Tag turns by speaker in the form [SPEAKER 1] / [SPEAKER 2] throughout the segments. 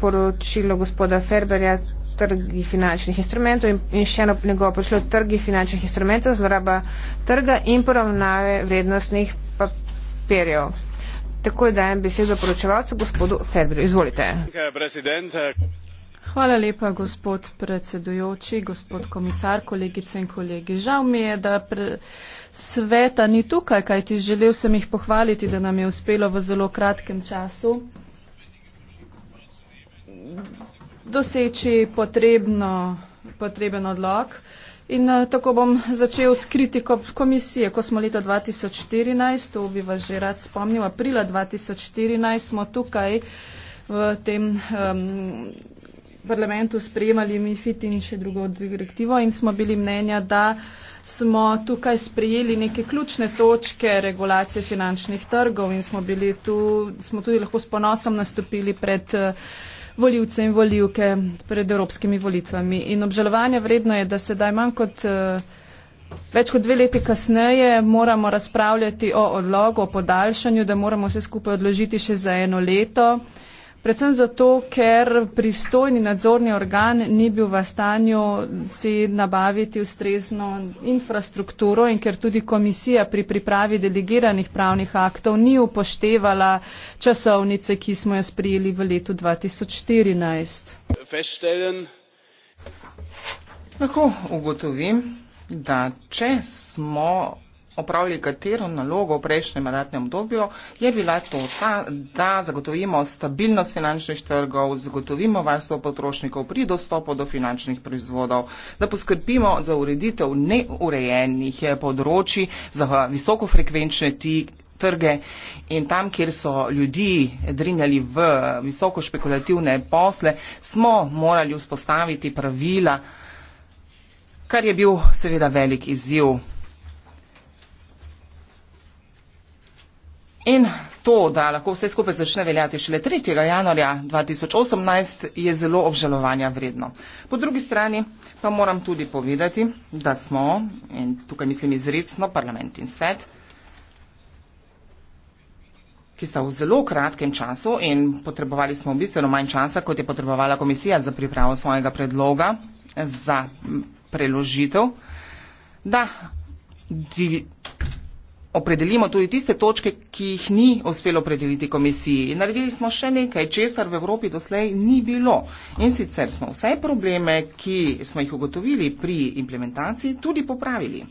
[SPEAKER 1] poročilo gospoda Ferberja trgi finančnih instrumentov in, in še eno njegovo poročilo trgi finančnih instrumentov, zloraba trga in poravnave vrednostnih
[SPEAKER 2] papirjev. Tako je dajem besedo poročevalcu gospodu Ferberju. Izvolite. Hvala lepa, gospod predsedujoči, gospod komisar, kolegice in kolegi. Žal mi je, da pre... sveta ni tukaj, kaj ti želel sem jih pohvaliti, da nam je uspelo v zelo kratkem času doseči potrebno, potreben odlog. In eh, tako bom začel s kritiko komisije. Ko smo leta 2014, to bi vas že rad spomnil, aprila 2014 smo tukaj v tem um, parlamentu sprejemali MIFID in še drugo direktivo in smo bili mnenja, da smo tukaj sprejeli neke ključne točke regulacije finančnih trgov in smo, tu, smo tudi lahko s ponosom nastopili pred. Uh, voljivce in voljivke pred evropskimi volitvami. In obžalovanja vredno je, da sedaj manj kot eh, več kot dve leti kasneje moramo razpravljati o odlogu, o podaljšanju, da moramo vse skupaj odložiti še za eno leto predvsem zato, ker pristojni nadzorni organ ni bil v stanju si nabaviti ustrezno infrastrukturo in ker tudi komisija pri pripravi delegiranih pravnih aktov ni upoštevala časovnice, ki smo jo sprijeli v letu
[SPEAKER 3] 2014. Lahko ugotovim, da če smo opravili katero nalogo v prejšnjem mandatnem obdobju, je bila to ta, da zagotovimo stabilnost finančnih trgov, zagotovimo varstvo potrošnikov pri dostopu do finančnih proizvodov, da poskrbimo za ureditev neurejenih področji za visokofrekvenčne ti trge in tam, kjer so ljudi drinjali v visoko špekulativne posle, smo morali vzpostaviti pravila, kar je bil seveda velik izziv. In to, da lahko vse skupaj začne veljati šele 3. januarja 2018, je zelo obžalovanja vredno. Po drugi strani pa moram tudi povedati, da smo, in tukaj mislim izredno parlament in svet, ki sta v zelo kratkem času in potrebovali smo bistveno manj časa, kot je potrebovala komisija za pripravo svojega predloga za preložitev, da opredelimo tudi tiste točke, ki jih ni uspelo opredeliti komisiji. In naredili smo še nekaj, česar v Evropi doslej ni bilo. In sicer smo vse probleme, ki smo jih ugotovili pri implementaciji, tudi popravili.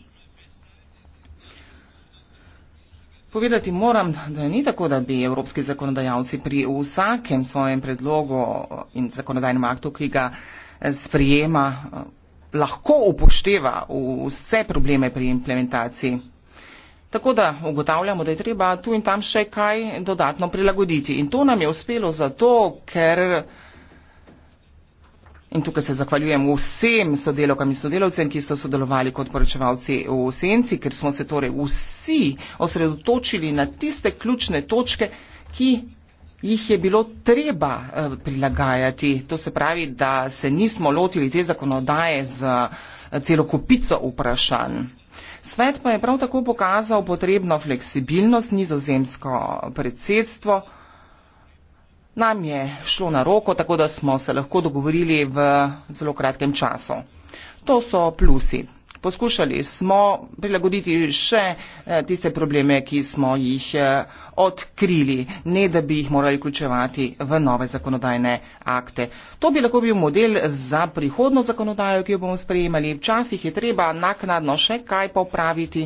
[SPEAKER 3] Povedati moram, da ni tako, da bi evropski zakonodajalci pri vsakem svojem predlogu in zakonodajnem aktu, ki ga eh, sprijema, eh, lahko upošteva vse probleme pri implementaciji. Tako da ugotavljamo, da je treba tu in tam še kaj dodatno prilagoditi. In to nam je uspelo zato, ker. In tukaj se zahvaljujem vsem sodelovkam in sodelovcem, ki so sodelovali kot poročevalci v Senci, ker smo se torej vsi osredotočili na tiste ključne točke, ki jih je bilo treba eh, prilagajati. To se pravi, da se nismo lotili te zakonodaje z eh, celo kupico vprašanj. Svet pa je prav tako pokazal potrebno fleksibilnost nizozemsko predsedstvo. Nam je šlo na roko, tako da smo se lahko dogovorili v zelo kratkem času. To so plusi poskušali smo prilagoditi še eh, tiste probleme, ki smo jih eh, odkrili, ne da bi jih morali vključevati v nove zakonodajne akte. To bi lahko bil model za prihodno zakonodajo, ki jo bomo sprejemali. Včasih je treba naknadno še kaj popraviti.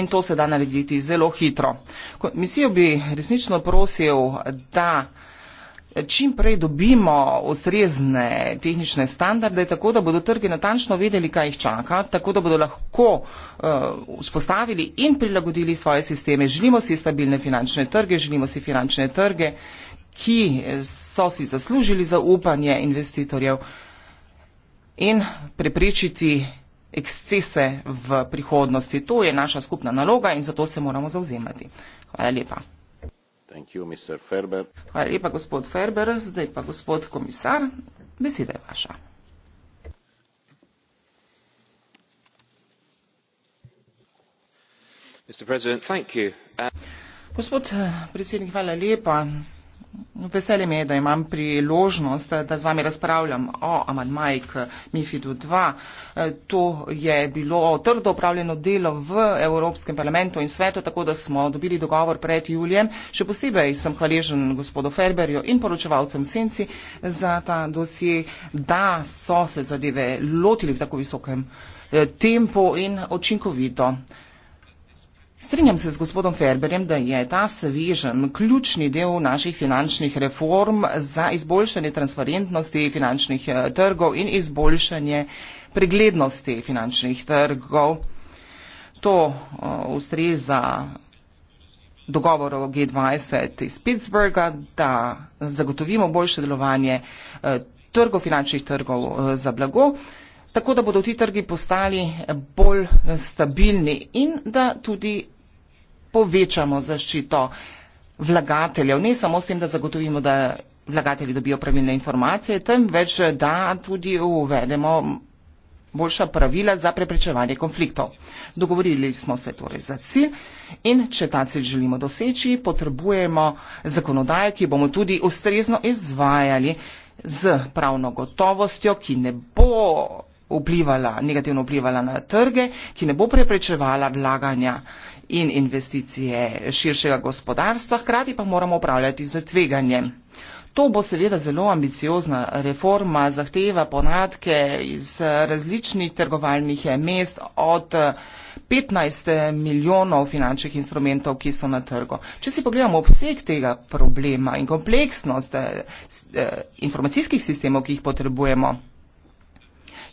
[SPEAKER 3] In to se da narediti zelo hitro. Komisijo bi resnično prosil, da čim prej dobimo ustrezne tehnične standarde, tako da bodo trgi natančno vedeli, kaj jih čaka, tako da bodo lahko uh, eh, spostavili in prilagodili svoje sisteme. Želimo si stabilne finančne trge, želimo si finančne trge, ki so si zaslužili zaupanje investitorjev in preprečiti ekscese v prihodnosti. To je naša skupna naloga in zato se moramo zauzemati. Hvala lepa.
[SPEAKER 2] Hvala
[SPEAKER 3] lepa, gospod Ferber. Zdaj pa gospod komisar, beseda je vaša. Gospod eh, predsednik, hvala lepa. Veselje mi je, da imam priložnost, da z vami razpravljam o Amadmajk Mifidu 2. E, to je bilo trdo upravljeno delo v Evropskem parlamentu in svetu, tako da smo dobili dogovor pred julijem. Še posebej sem hvaležen gospodu Ferberju in poročevalcem Senci za ta dosje, da so se zadeve lotili v tako visokem e, tempu in očinkovito. Strinjam se z gospodom Ferberjem, da je ta svežen ključni del naših finančnih reform za izboljšanje transparentnosti finančnih eh, trgov in izboljšanje preglednosti finančnih trgov. To eh, ustreza dogovoru G20 iz Pittsburgha, da zagotovimo boljše delovanje eh, trgov, finančnih trgov za blago tako da bodo ti trgi postali bolj stabilni in da tudi povečamo zaščito vlagateljev. Ne samo s tem, da zagotovimo, da vlagatelji dobijo pravilne informacije, temveč da tudi uvedemo boljša pravila za preprečevanje konfliktov. Dogovorili smo se torej za cilj in če ta cilj želimo doseči, potrebujemo zakonodajo, ki bomo tudi ustrezno izvajali z pravno gotovostjo, ki ne bo vplivala, negativno vplivala na trge, ki ne bo preprečevala vlaganja in investicije širšega gospodarstva, hkrati pa moramo upravljati z tveganjem. To bo seveda zelo ambiciozna reforma, zahteva podatke iz različnih trgovalnih mest od 15 milijonov finančnih instrumentov, ki so na trgu. Če si pogledamo obseg tega problema in kompleksnost eh, eh, informacijskih sistemov, ki jih potrebujemo,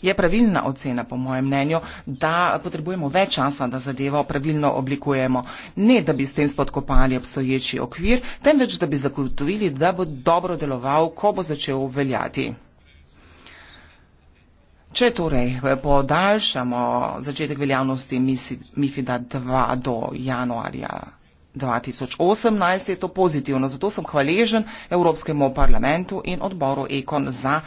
[SPEAKER 3] je pravilna ocena, po mojem mnenju, da potrebujemo več časa, da zadevo pravilno oblikujemo. Ne, da bi s tem spodkopali obstoječi okvir, temveč, da bi zagotovili, da bo dobro deloval, ko bo začel veljati. Če torej podaljšamo začetek veljavnosti MIFID-a 2 do januarja 2018, je to pozitivno. Zato sem hvaležen Evropskemu parlamentu in odboru EKON za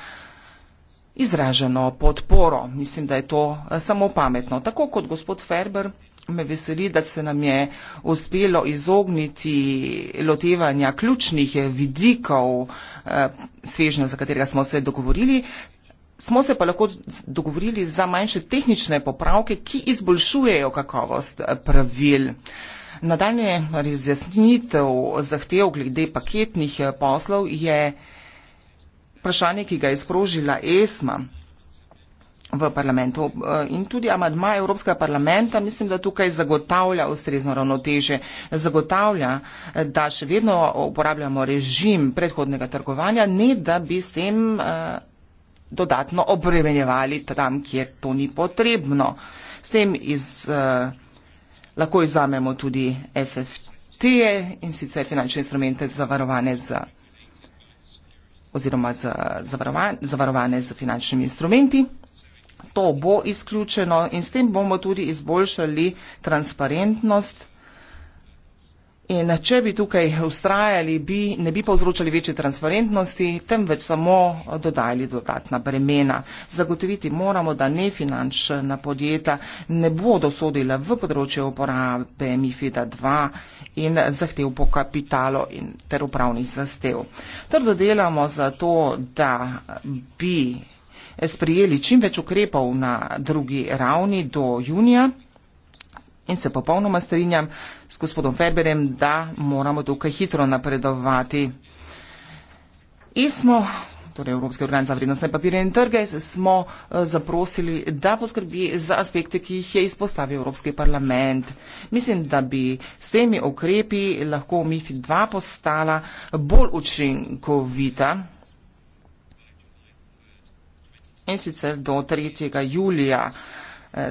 [SPEAKER 3] izraženo podporo. Mislim, da je to eh, samo pametno. Tako kot gospod Ferber me veseli, da se nam je uspelo izogniti lotevanja ključnih vidikov eh, svežnja, za katerega smo se dogovorili. Smo se pa lahko dogovorili za manjše tehnične popravke, ki izboljšujejo kakovost eh, pravil. Nadaljne razjasnitev zahtev glede paketnih poslov je vprašanje, ki ga je sprožila ESMA v parlamentu eh, in tudi amadma Evropskega parlamenta, mislim, da tukaj zagotavlja ustrezno ravnoteže, zagotavlja, eh, da še vedno uporabljamo režim predhodnega trgovanja, ne da bi s tem eh, dodatno obremenjevali tam, kjer to ni potrebno. S tem iz, lahko izzamemo tudi SFT-je in sicer finančne instrumente zavarovane za oziroma zavarovane z finančnimi instrumenti. To bo izključeno in s tem bomo tudi izboljšali transparentnost In če bi tukaj ustrajali, bi, ne bi povzročali večje transparentnosti, temveč samo dodajali dodatna bremena. Zagotoviti moramo, da ne finančna podjeta ne bodo sodila v področju uporabe MIFID-a 2 in zahtev po kapitalu in ter upravnih zastev. Trdo delamo za to, da bi sprijeli čim več ukrepov na drugi ravni do junija in se popolnoma strinjam s gospodom Ferberjem, da moramo tukaj hitro napredovati. ISMO, torej Evropske organe za vrednostne papirje in trge, smo eh, zaprosili, da poskrbi za aspekte, ki jih je izpostavil Evropski parlament. Mislim, da bi s temi okrepi lahko MIFID 2 postala bolj učinkovita. In sicer do 3. julija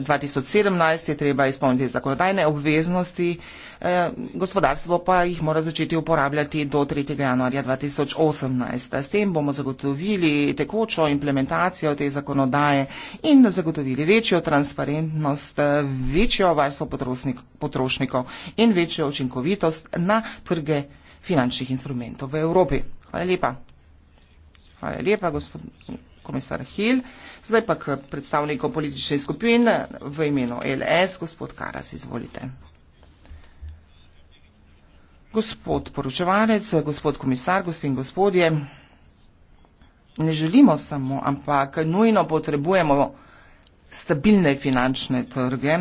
[SPEAKER 3] 2017 je treba izpolniti zakonodajne obveznosti, eh, gospodarstvo pa jih mora začeti uporabljati do 3. januarja 2018. S tem bomo zagotovili tekočo implementacijo te zakonodaje in zagotovili večjo transparentnost, večjo varstvo potrošnikov in večjo učinkovitost na trge finančnih instrumentov v Evropi. Hvala lepa. Hvala lepa, gospod komisar Hil. Zdaj pa k predstavniku politične skupine v imenu LS, gospod Karas, izvolite. Gospod poročevalec, gospod komisar, gospod in gospodje, ne želimo samo, ampak nujno potrebujemo stabilne finančne trge,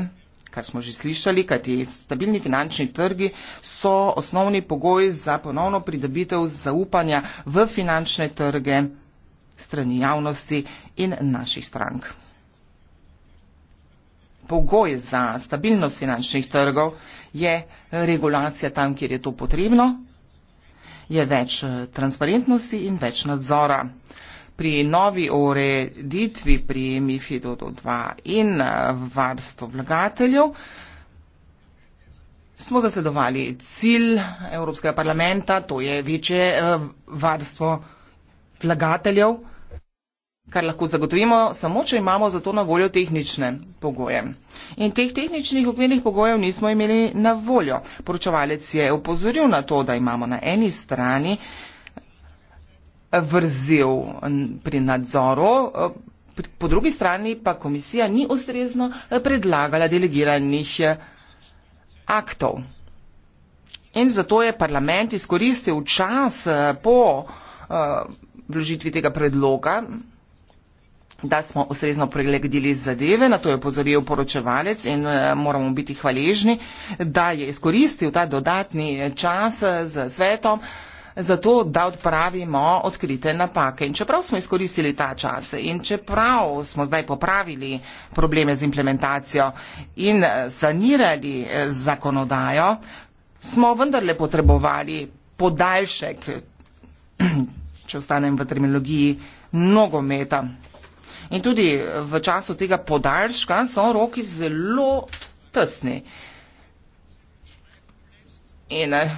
[SPEAKER 3] kar smo že slišali, kajti stabilni finančni trgi so osnovni pogoj za ponovno pridobitev zaupanja v finančne trge strani javnosti in naših strank. Pogoj za stabilnost finančnih trgov je regulacija tam, kjer je to potrebno, je več eh, transparentnosti in več nadzora. Pri novi ureditvi pri MIFID-u 2 in eh, varstvu vlagateljev smo zasledovali cilj Evropskega parlamenta, to je večje eh, varstvo vlagateljev vlagateljev, kar lahko zagotovimo samo, če imamo za to na voljo tehnične pogoje. In teh tehničnih okvirnih pogojev nismo imeli na voljo. Poročevalec je upozoril na to, da imamo na eni strani vrzel pri nadzoru, po drugi strani pa komisija ni ustrezno predlagala delegiranih aktov. In zato je parlament izkoristil čas po Eh, vložitvi tega predloga, da smo ustrezno pregledili zadeve, na to je pozoril poročevalec in eh, moramo biti hvaležni, da je izkoristil ta dodatni čas z eh, svetom. Zato, da odpravimo odkrite napake. In čeprav smo izkoristili ta čas in čeprav smo zdaj popravili probleme z implementacijo in sanirali zakonodajo, smo vendarle potrebovali podaljšek če ostanem v terminologiji, nogometa. In tudi v času tega podaljška so roki zelo tesni. In eh,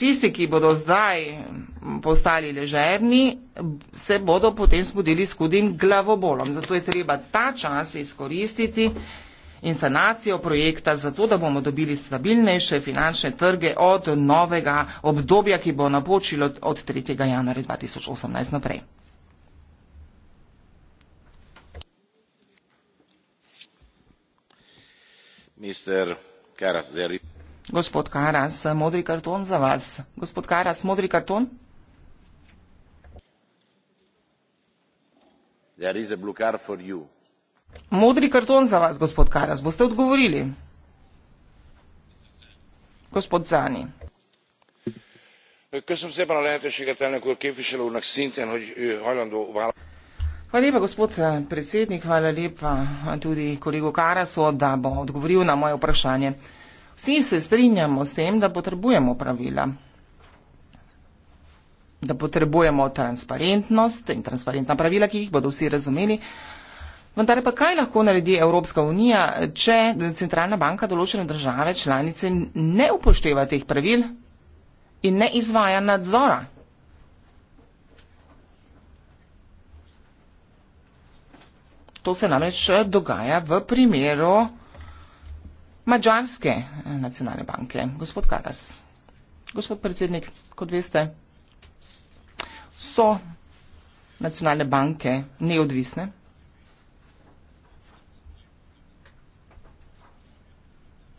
[SPEAKER 3] tisti, ki bodo zdaj postali ležerni, se bodo potem spodili s hudim glavobolom. Zato je treba ta čas izkoristiti in sanacijo projekta, zato da bomo dobili stabilnejše finančne trge od novega obdobja, ki bo napočilo od 3. januarja 2018 naprej. Karas, Gospod Karas, modri karton za vas. Gospod Karas, modri karton.
[SPEAKER 2] There is a blue card for you.
[SPEAKER 3] Modri karton za vas, gospod Karas. Boste odgovorili? Gospod Zani.
[SPEAKER 2] Köszönöm szépen a lehetőséget, elnök úr, képviselő úrnak szintén, hogy hajlandó választ.
[SPEAKER 3] Hvala lepa, gospod eh, predsednik, hvala lepa tudi kolego Karaso, da bo odgovoril na moje vprašanje. Vsi se strinjamo s tem, da potrebujemo pravila, da potrebujemo transparentnost in transparentna pravila, ki jih bodo vsi razumeli. Vendar pa kaj lahko naredi Evropska unija, če centralna banka določene države članice ne upošteva teh pravil in ne izvaja nadzora? To se namreč eh, dogaja v primeru Mačarske eh, nacionalne banke. Gospod Karas, gospod predsednik, kot veste, so nacionalne banke neodvisne.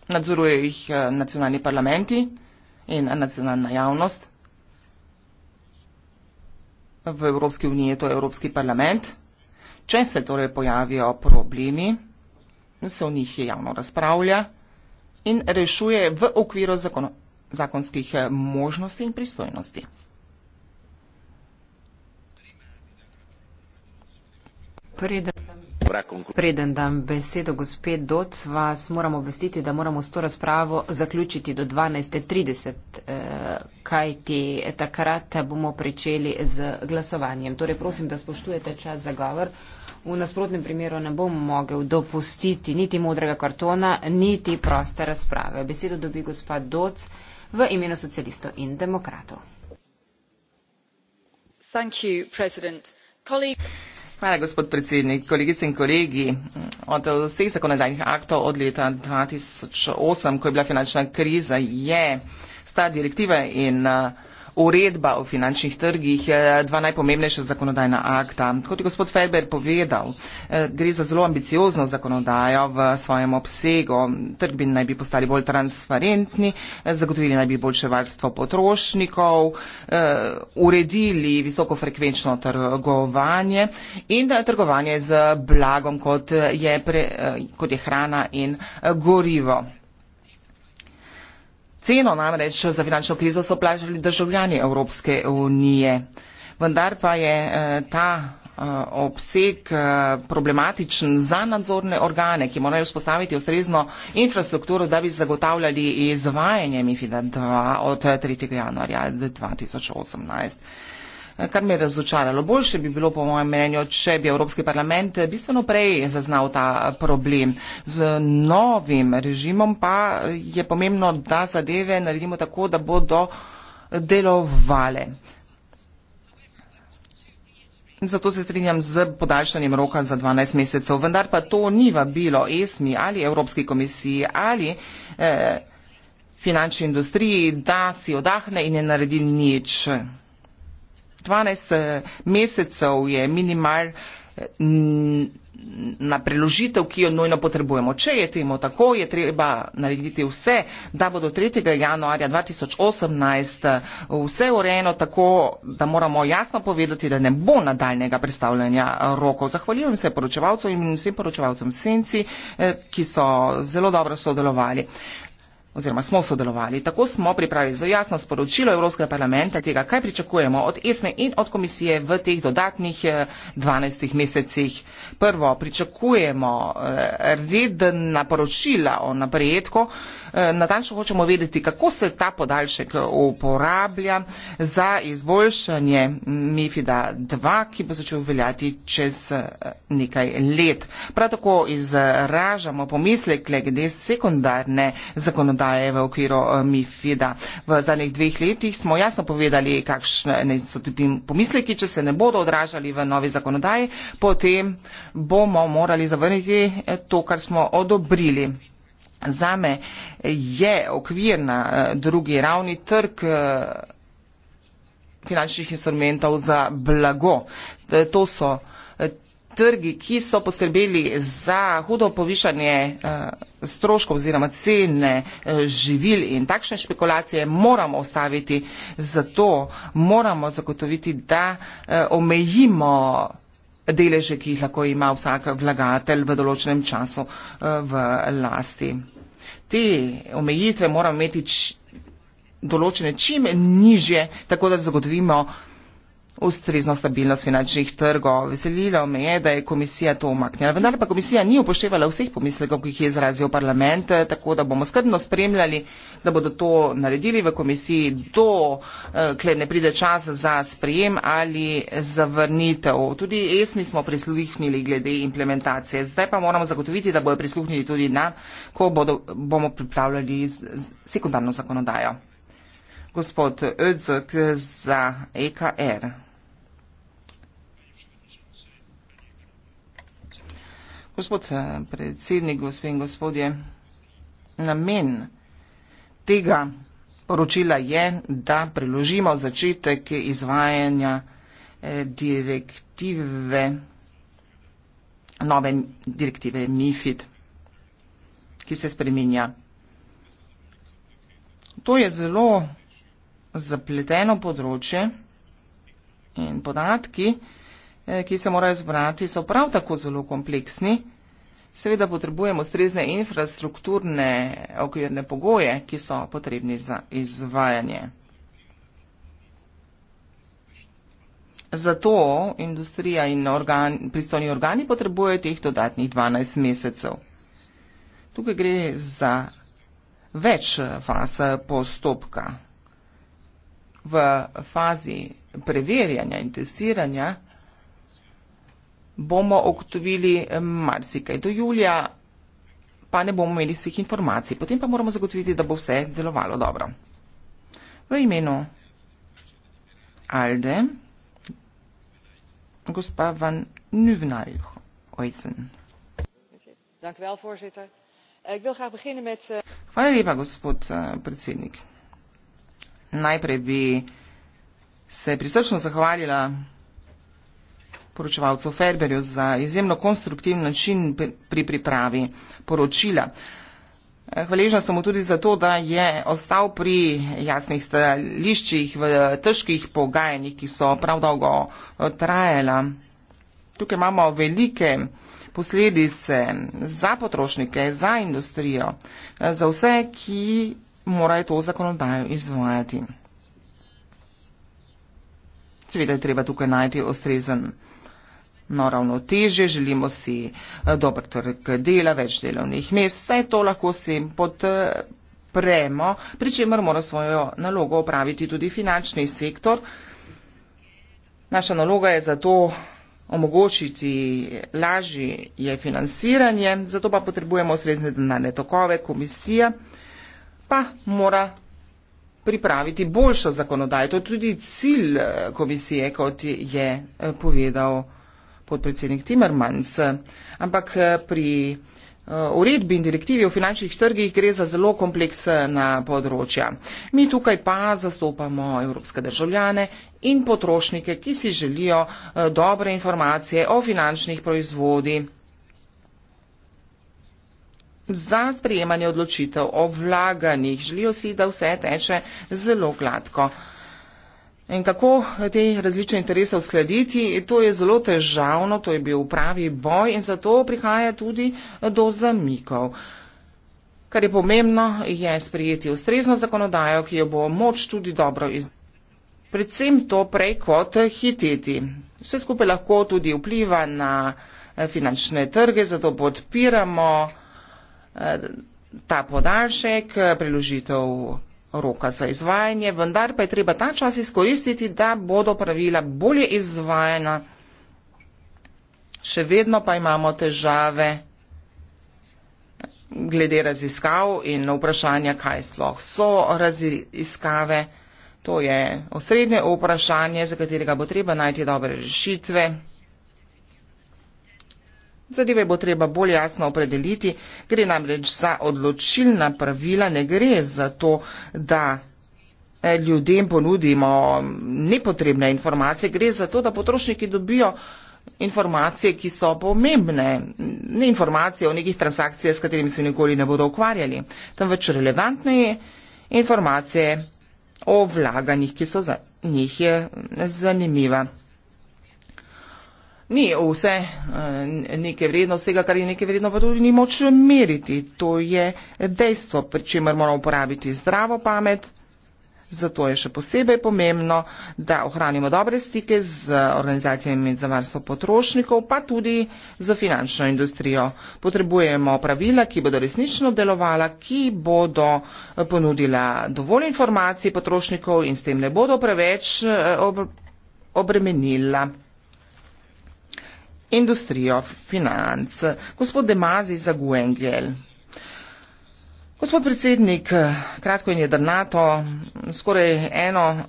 [SPEAKER 3] nadzoruje jih eh, nacionalni parlamenti in nacionalna javnost. V Evropski uniji je to Evropski parlament. Če se torej pojavijo problemi, se o njih javno razpravlja in rešuje v okviru zakon zakonskih eh, možnosti in pristojnosti. Preden
[SPEAKER 1] Preden dam besedo gospe Doc, vas moramo obvestiti, da moramo s to razpravo zaključiti do 12.30, eh, kajti takrat bomo pričeli z glasovanjem. Torej prosim, da spoštujete čas za govor. V nasprotnem primeru ne bom mogel dopustiti niti modrega kartona, niti proste razprave. Besedo dobi gospa Doc v imenu socialistov in demokratov.
[SPEAKER 3] Thank you, President. Colleague... Hvala, gospod predsednik. Kolegice in kolegi, od vseh zakonodajnih aktov od leta 2008, ko je bila finančna kriza, je sta direktiva in uh, Uredba o finančnih trgih je eh, dva najpomembnejša zakonodajna akta. Kot je gospod Ferber povedal, eh, gre za zelo ambiciozno zakonodajo v svojem obsegu. Trg bi naj bi postali bolj transparentni, eh, zagotovili naj bi boljše varstvo potrošnikov, uredili visokofrekvenčno trgovanje in trgovanje z blagom, kot je, pre, kot je hrana in gorivo. Ceno namreč za finančno krizo so plačali državljani Evropske unije. Vendar pa je eh, ta eh, obseg eh, problematičen za nadzorne organe, ki morajo vzpostaviti ustrezno infrastrukturo, da bi zagotavljali izvajanje MIFID-2 od 3. januarja 2018 kar me je razočaralo. Boljše bi bilo, po mojem mnenju, če bi Evropski parlament bistveno prej zaznal ta problem. Z novim režimom pa je pomembno, da zadeve naredimo tako, da bodo delovale. Zato se strinjam z podaljšanjem roka za 12 mesecev. Vendar pa to ni vabilo ESMI ali Evropski komisiji ali eh, finančni industriji, da si odahne in ne naredi nič. 12 eh, mesecev je minimal eh, na preložitev, ki jo nujno potrebujemo. Če je temu tako, je treba narediti vse, da bo do 3. januarja 2018 eh, vse urejeno tako, da moramo jasno povedati, da ne bo nadaljnega predstavljanja rokov. Zahvaljujem se poročevalcem in vsem poročevalcem Senci, ki so zelo dobro sodelovali oziroma smo sodelovali. Tako smo pripravili za jasno sporočilo Evropskega parlamenta tega, kaj pričakujemo od ESME in od komisije v teh dodatnih 12 eh, mesecih. Prvo, pričakujemo eh, redna poročila o napredku. Eh, natančno hočemo vedeti, kako se ta podaljšek uporablja za izboljšanje MIFID-a 2, ki bo začel veljati čez nekaj let. Prav tako izražamo pomislek glede sekundarne zakonodaje obstaja v okviru eh, MIFID-a. V zadnjih dveh letih smo jasno povedali, kakšne so tudi pomisleki, če se ne bodo odražali v novi zakonodaji, potem bomo morali zavrniti eh, to, kar smo odobrili. Zame je okvir na eh, drugi ravni trg finančnih instrumentov za blago. To so trgi, ki so poskrbeli za hudo povišanje uh, stroškov oziroma cene uh, živil in takšne špekulacije moramo ostaviti. Zato moramo zagotoviti, da uh, omejimo deleže, ki jih lahko ima vsak vlagatelj v določenem času uh, v lasti. Te omejitve moramo imeti določene čim nižje, tako da zagotovimo ustrezno stabilnost finančnih trgov. Veselilo me je, da je komisija to omaknila. Vendar pa komisija ni upoštevala vseh pomislekov, ki jih je izrazil parlament, tako da bomo skrbno spremljali, da bodo to naredili v komisiji, dokler eh, ne pride čas za sprejem ali zavrnitev. Tudi ESMI smo prisluhnili glede implementacije. Zdaj pa moramo zagotoviti, da bojo prisluhnili tudi nam, ko bodo, bomo pripravljali sekundarno zakonodajo. Gospod Ödzök za EKR. Gospod eh, predsednik, gospe in gospodje, namen tega poročila je, da priložimo začetek izvajanja eh, direktive, nove direktive MIFID, ki se spreminja. To je zelo zapleteno področje in podatki, ki Eh, ki se morajo zbrati, so prav tako zelo kompleksni. Seveda potrebujemo strezne infrastrukturne okvirne pogoje, ki so potrebni za izvajanje. Zato industrija in organ, pristojni organi potrebujejo teh dodatnih 12 mesecev. Tukaj gre za več faz postopka. V fazi preverjanja in testiranja bomo ugotovili eh, marsikaj. Do julija pa ne bomo imeli vseh informacij, potem pa moramo zagotoviti, da bo vse delovalo dobro. V imenu Alde, gospa Van Nuvenarjuh, ojcen.
[SPEAKER 2] Eh, eh,
[SPEAKER 3] Hvala lepa, gospod predsednik. Najprej bi se prisrčno zahvalila poročevalcu Ferberju za izjemno konstruktivni način pri pripravi poročila. Eh, hvaležna sem mu tudi za to, da je ostal pri jasnih stališčih v težkih pogajanjih, ki so prav dolgo eh, trajala. Tukaj imamo velike posledice za potrošnike, za industrijo, eh, za vse, ki morajo to zakonodajo izvajati. Seveda je treba tukaj najti ostrezen no, ravnotežje, želimo si eh, dober trg dela, več delovnih mest, vse to lahko s tem podpremo, pri čemer mora svojo nalogo opraviti tudi finančni sektor. Naša naloga je zato omogočiti lažje je financiranje, zato pa potrebujemo srednje denarne tokove, komisija pa mora pripraviti boljšo zakonodajo. To je tudi cilj eh, komisije, kot je eh, povedal podpredsednik Timmermans. Ampak eh, pri eh, uredbi in direktivi o finančnih trgih gre za zelo kompleksna področja. Mi tukaj pa zastopamo evropske državljane in potrošnike, ki si želijo eh, dobre informacije o finančnih proizvodi za sprejemanje odločitev o vlaganjih. Želijo si, da vse teče zelo gladko. In kako te različne interese uskladiti, to je zelo težavno, to je bil pravi boj in zato prihaja tudi do zamikov. Kar je pomembno, je sprejeti ustrezno zakonodajo, ki jo bo moč tudi dobro izvajati. Predvsem to prej kot hiteti. Vse skupaj lahko tudi vpliva na eh, finančne trge, zato podpiramo eh, ta podaljšek, eh, preložitev roka za izvajanje, vendar pa je treba ta čas izkoristiti, da bodo pravila bolje izvajana. Še vedno pa imamo težave glede raziskav in vprašanja, kaj sploh so raziskave. To je osrednje vprašanje, za katerega bo treba najti dobre rešitve. Zadeve bo treba bolj jasno opredeliti, gre namreč za odločilna pravila, ne gre za to, da eh, ljudem ponudimo mm, nepotrebne informacije, gre za to, da potrošniki dobijo informacije, ki so pomembne, ne informacije o nekih transakcijah, s katerimi se nikoli ne bodo ukvarjali, temveč relevantne informacije o vlaganjih, ki so za njih eh, zanimiva ni vse eh, neke vredno, vsega, kar je neke vredno, pa tudi ni moč meriti. To je dejstvo, pri čemer moramo uporabiti zdravo pamet. Zato je še posebej pomembno, da ohranimo dobre stike z organizacijami za varstvo potrošnikov, pa tudi z finančno industrijo. Potrebujemo pravila, ki bodo resnično delovala, ki bodo eh, ponudila dovolj informacij potrošnikov in s tem ne bodo preveč eh, obremenila industrijo financ. Gospod Demazi za Guengel. Gospod predsednik, kratko in jedrnato, skoraj eno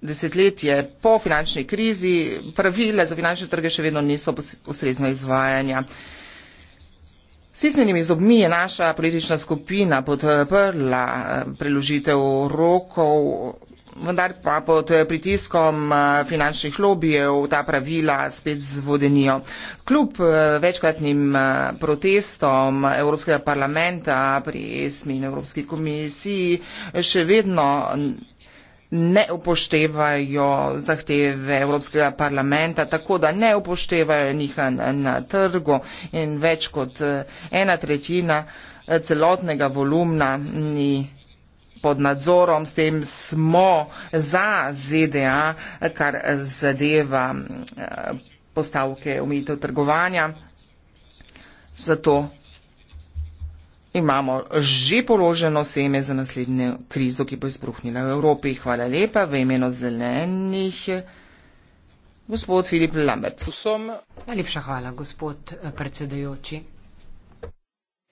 [SPEAKER 3] desetletje po finančni krizi pravile za finančne trge še vedno niso ustrezno izvajanja. S tisnenimi zobmi je naša politična skupina podprla preložitev rokov vendar pa pod pritiskom eh, finančnih lobijev ta pravila spet zvodenijo. Kljub eh, večkratnim eh, protestom Evropskega parlamenta pri ESMI in Evropski komisiji še vedno ne upoštevajo zahteve Evropskega parlamenta, tako da ne upoštevajo njih na trgu in več kot ena tretjina celotnega volumna ni pod nadzorom, s tem smo za ZDA, kar zadeva eh, postavke omejitev trgovanja. Zato imamo že položeno seme za naslednjo krizo, ki bo izbruhnila v Evropi. Hvala lepa v imenu zelenih. Gospod Filip Lambec.
[SPEAKER 1] Najlepša hvala, gospod eh, predsedujoči.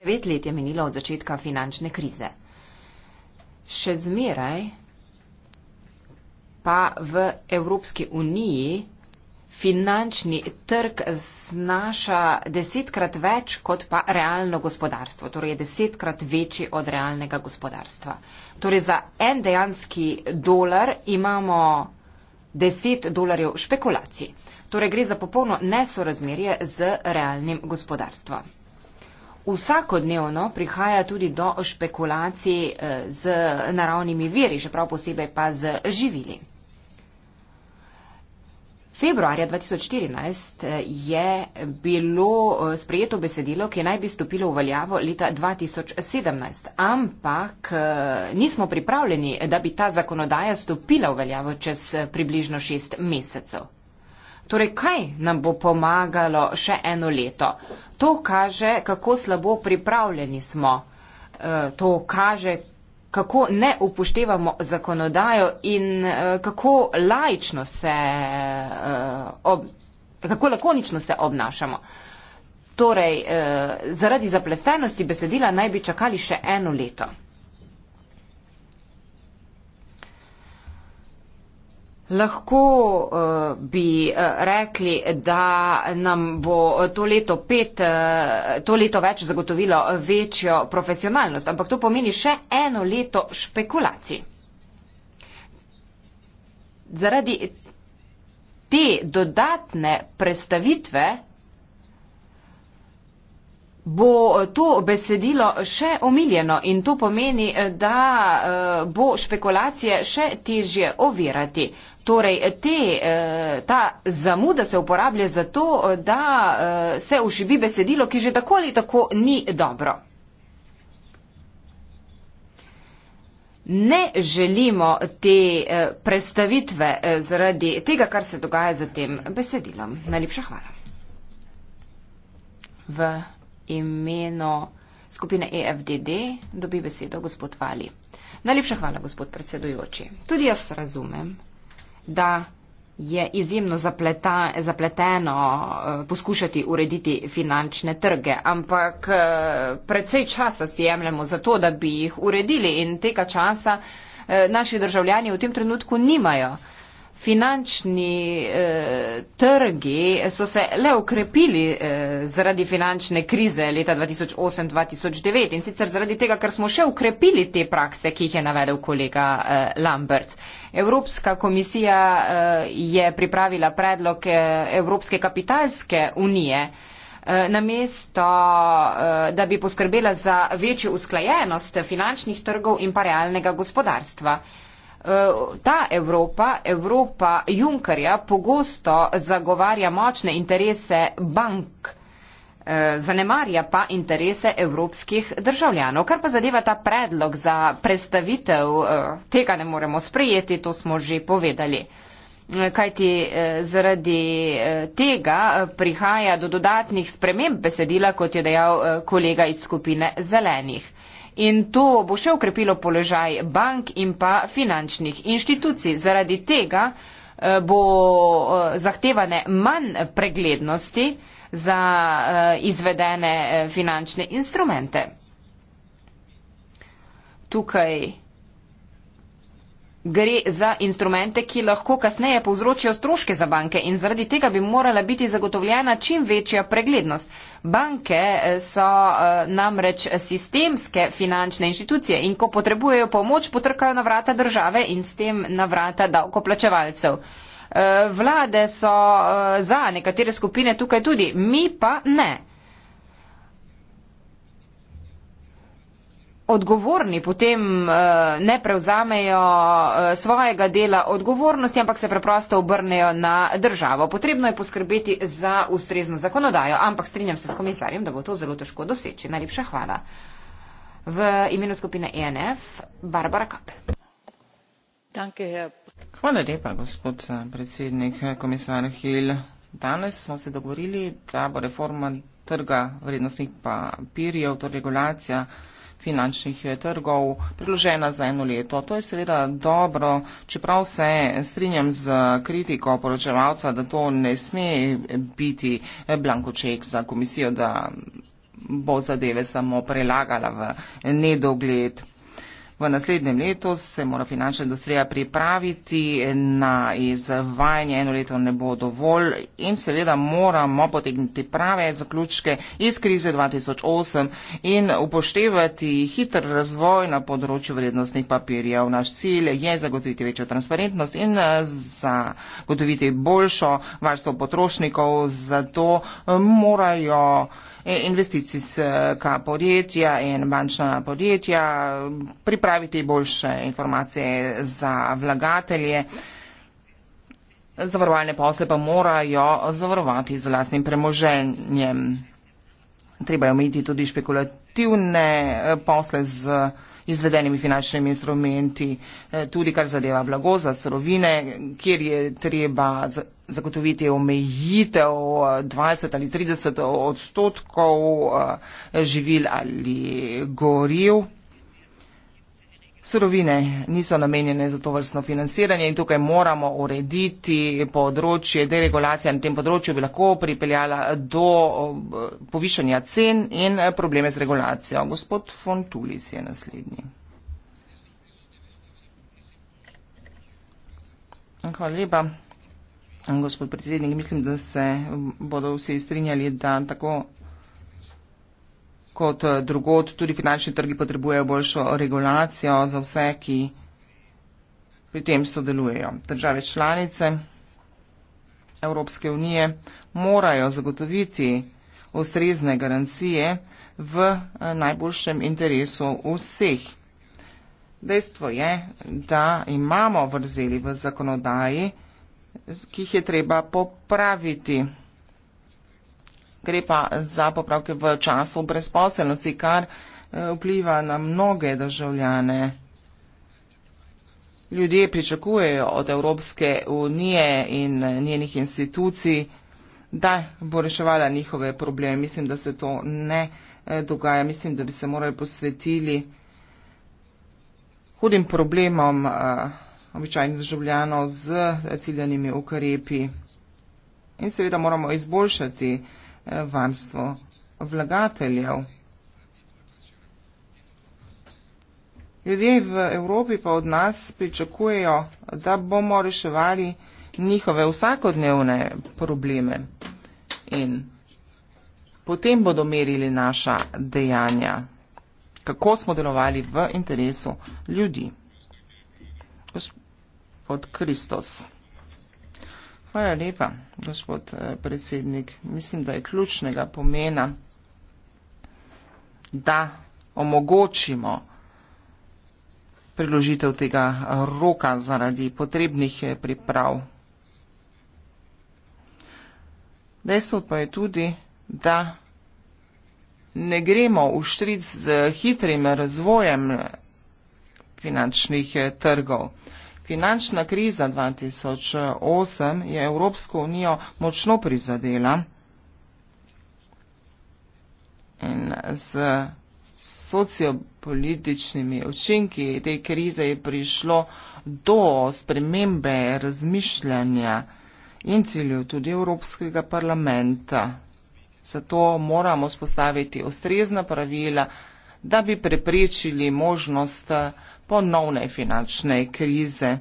[SPEAKER 1] Devet let je minilo od začetka finančne krize še zmeraj pa v Evropski uniji finančni trg znaša desetkrat več kot pa realno gospodarstvo, torej je desetkrat večji od realnega gospodarstva. Torej za en dejanski dolar imamo deset dolarjev špekulacij. Torej gre za popolno nesorazmerje z realnim gospodarstvom. Vsakodnevno prihaja tudi do špekulacij eh, z naravnimi veri, še prav posebej pa z živili. Februarja 2014 eh, je bilo eh, sprejeto besedilo, ki naj bi stopilo v veljavo leta 2017, ampak nismo pripravljeni, da bi ta zakonodaja stopila v veljavo čez približno šest mesecev. Torej, kaj nam bo pomagalo še eno leto? To kaže, kako slabo pripravljeni smo. E, to kaže, kako ne upoštevamo zakonodajo in e, kako lajično se, e, kako lakonično se obnašamo. Torej, zaradi zaplestenosti besedila naj bi čakali še eno leto. Lahko uh, bi uh, rekli, da nam bo to leto, pet, uh, to leto več zagotovilo večjo profesionalnost, ampak to pomeni še eno leto špekulacij. Zaradi te dodatne prestavitve bo to besedilo še omiljeno in to pomeni, da eh, bo špekulacije še težje ovirati. Torej, te, eh, ta zamuda se uporablja za to, da eh, se ušibi besedilo, ki že tako ali tako ni dobro. Ne želimo te predstavitve zaradi tega, kar se dogaja za tem besedilom. Najlepša hvala. V imenu skupine EFDD dobi besedo gospod Vali. Najlepša hvala, gospod predsedujoči. Tudi jaz razumem, da je izjemno zapleta, zapleteno eh, poskušati urediti finančne trge, ampak eh, predvsej časa si jemljemo za to, da bi jih uredili in tega časa eh, naši državljani v tem trenutku nimajo finančni eh, trgi so se le ukrepili eh, zaradi finančne krize leta 2008-2009 in sicer zaradi tega, ker smo še ukrepili te prakse, ki jih je navedel kolega eh, Lambert. Evropska komisija eh, je pripravila predlog eh, Evropske kapitalske unije eh, namesto, eh, da bi poskrbela za večjo usklajenost finančnih trgov in pa realnega gospodarstva. Eh, ta Evropa, Evropa Junkarja, pogosto zagovarja močne interese bank, eh, zanemarja pa interese evropskih državljanov. Kar pa zadeva ta predlog za predstavitev, eh, tega ne moremo sprejeti, to smo že povedali. Kajti zaradi tega prihaja do dodatnih sprememb besedila, kot je dejal kolega iz skupine zelenih in to bo še ukrepilo položaj bank in pa finančnih inštitucij. Zaradi tega eh, bo eh, zahtevane manj preglednosti za eh, izvedene finančne instrumente. Tukaj gre za instrumente, ki lahko kasneje povzročijo stroške za banke in zaradi tega bi morala biti zagotovljena čim večja preglednost. Banke eh, so eh, namreč sistemske finančne inštitucije in ko potrebujejo pomoč, potrkajo na vrata države in s tem na vrata davkoplačevalcev. Eh, vlade so za nekatere skupine tukaj tudi, mi pa ne. odgovorni potem eh, ne prevzamejo eh, svojega dela odgovornosti, ampak se preprosto obrnejo na državo. Potrebno je poskrbeti za ustrezno zakonodajo, ampak strinjam se s komisarjem, da bo to zelo težko doseči. Najlepša hvala. V imenu skupine ENF, Barbara Kapel.
[SPEAKER 3] Hvala lepa, gospod eh, predsednik komisar Hill. Danes smo se dogovorili, da bo reforma trga vrednostnih papirjev, to torej regulacija, finančnih eh, trgov priložena za eno leto. To je seveda dobro, čeprav se strinjam z kritiko poročevalca, da to ne sme biti eh, blankoček za komisijo, da bo zadeve samo prelagala v nedogled. V naslednjem letu se mora finančna industrija pripraviti na izvajanje. Eno leto ne bo dovolj in seveda moramo potegniti prave zaključke iz krize 2008 in upoštevati hiter razvoj na področju vrednostnih papirjev. Naš cilj je zagotoviti večjo transparentnost in zagotoviti boljšo varstvo potrošnikov. Zato morajo investicijska podjetja in bančna podjetja, pripraviti boljše informacije za vlagatelje. Zavarovalne posle pa morajo zavarovati z vlastnim premoženjem. Treba je omejiti tudi špekulativne eh, posle z vlagatelje izvedenimi finančnimi instrumenti, eh, tudi kar zadeva blago za sorovine, kjer je treba zagotoviti omejitev 20 eh, ali 30 odstotkov eh, živil ali goril. Surovine niso namenjene za to vrstno financiranje in tukaj moramo urediti področje deregulacije. Na tem področju bi lahko pripeljala do eh, povišanja cen in eh, probleme z regulacijo. Gospod Fontulis je naslednji. Hvala lepa. Gospod predsednik, mislim, da se bodo vsi strinjali, da tako kot eh, drugot, tudi finančni trgi potrebujejo boljšo regulacijo za vse, ki pri tem sodelujejo. Države članice Evropske unije morajo zagotoviti ustrezne garancije v eh, najboljšem interesu vseh. Dejstvo je, da imamo vrzeli v zakonodaji, ki jih je treba popraviti gre pa za popravke v času brezposelnosti, kar eh, vpliva na mnoge državljane. Ljudje pričakujejo od Evropske unije in eh, njenih institucij, da bo reševala njihove probleme. Mislim, da se to ne eh, dogaja. Mislim, da bi se morali posvetili hudim problemom običajnih državljanov z ciljanimi ukrepi. In seveda moramo izboljšati varstvo vlagateljev. Ljudje v Evropi pa od nas pričakujejo, da bomo reševali njihove vsakodnevne probleme in potem bodo merili naša dejanja, kako smo delovali v interesu ljudi. Gospod Kristus. Hvala lepa, gospod eh, predsednik. Mislim, da je ključnega pomena, da omogočimo priložitev tega eh, roka zaradi potrebnih eh, priprav. Dejstvo pa je tudi, da ne gremo v štric z hitrim razvojem finančnih trgov. Finančna kriza 2008 je Evropsko unijo močno prizadela in z sociopolitičnimi učinki te krize je prišlo do spremembe razmišljanja in ciljev tudi Evropskega parlamenta. Zato moramo spostaviti ustrezna pravila, da bi preprečili možnost, ponovne finančne krize.